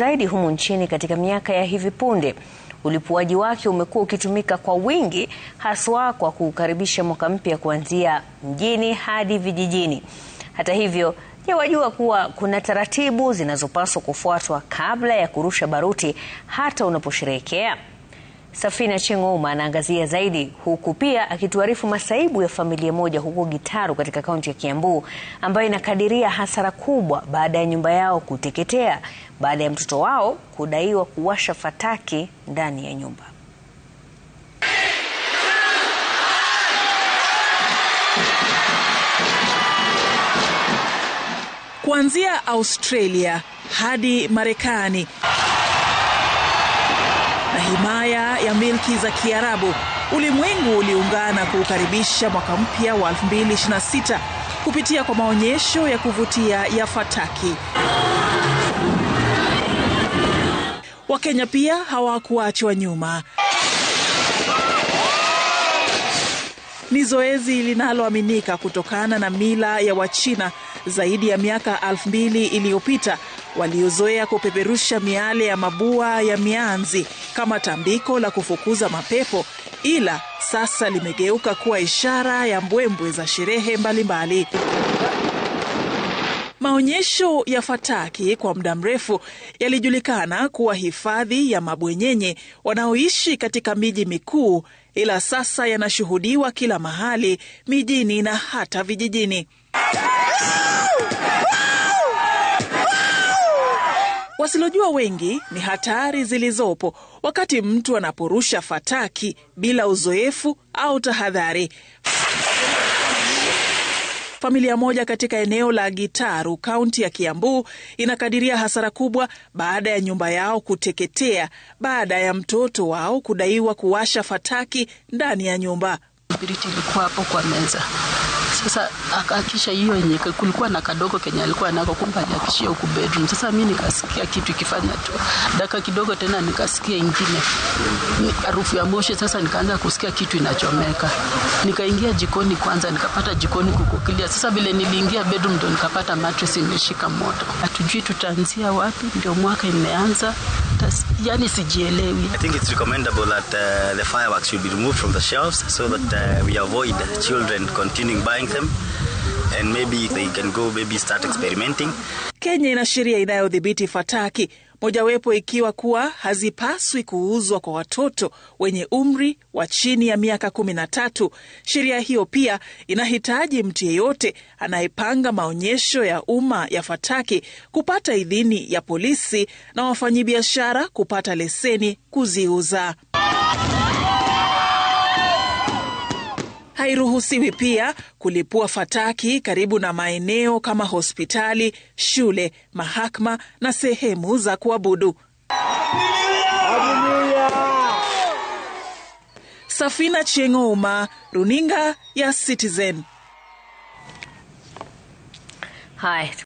zaidi humu nchini katika miaka ya hivi punde. Ulipuaji wake umekuwa ukitumika kwa wingi haswa kwa kuukaribisha mwaka mpya kuanzia mjini hadi vijijini. Hata hivyo, je, wajua kuwa kuna taratibu zinazopaswa kufuatwa kabla ya kurusha baruti hata unaposherehekea? Safina Cheng'ouma anaangazia zaidi, huku pia akituarifu masaibu ya familia moja huko Gitaru katika kaunti ya Kiambu ambayo inakadiria hasara kubwa baada ya nyumba yao kuteketea baada ya mtoto wao kudaiwa kuwasha fataki ndani ya nyumba. Kuanzia Australia hadi Marekani na himaya ya milki za Kiarabu, ulimwengu uliungana kuukaribisha mwaka mpya wa 2026 kupitia kwa maonyesho ya kuvutia ya fataki. Wakenya pia hawakuachwa nyuma. Ni zoezi linaloaminika kutokana na mila ya Wachina zaidi ya miaka elfu iliyopita waliozoea kupeperusha miale ya mabua ya mianzi kama tambiko la kufukuza mapepo, ila sasa limegeuka kuwa ishara ya mbwembwe za sherehe mbalimbali. Maonyesho ya fataki kwa muda mrefu yalijulikana kuwa hifadhi ya mabwenyenye wanaoishi katika miji mikuu, ila sasa yanashuhudiwa kila mahali mijini na hata vijijini. Wasilojua wengi ni hatari zilizopo wakati mtu anaporusha fataki bila uzoefu au tahadhari. Familia moja katika eneo la Gitaru, kaunti ya Kiambu, inakadiria hasara kubwa baada ya nyumba yao kuteketea baada ya mtoto wao kudaiwa kuwasha fataki ndani ya nyumba. Kibiriti ilikuwa hapo kwa meza sasa akaakisha hiyo yenye kulikuwa na kadogo kenye alikuwa nako, kumbe aliakishia huku bedroom. Sasa mi nikasikia kitu ikifanya tu, dakika kidogo tena nikasikia ingine harufu ya moshi. Sasa nikaanza kusikia kitu inachomeka, nikaingia jikoni kwanza, nikapata jikoni kuko clear. Sasa vile niliingia bedroom ndo nikapata mattress imeshika moto, hatujui tutaanzia wapi. Ndio mwaka imeanza yani sijielewi. I think it's recommendable that uh, the fireworks should be removed from the shelves so that uh, we avoid children continuing buying them and maybe they can go maybe start experimenting. Kenya inashiria sheria ya fataki mojawapo ikiwa kuwa hazipaswi kuuzwa kwa watoto wenye umri wa chini ya miaka kumi na tatu. Sheria hiyo pia inahitaji mtu yeyote anayepanga maonyesho ya umma ya fataki kupata idhini ya polisi na wafanyibiashara kupata leseni kuziuza. Hairuhusiwi pia kulipua fataki karibu na maeneo kama hospitali, shule, mahakama na sehemu za kuabudu. Safina chengouma runinga ya Citizen. Hi.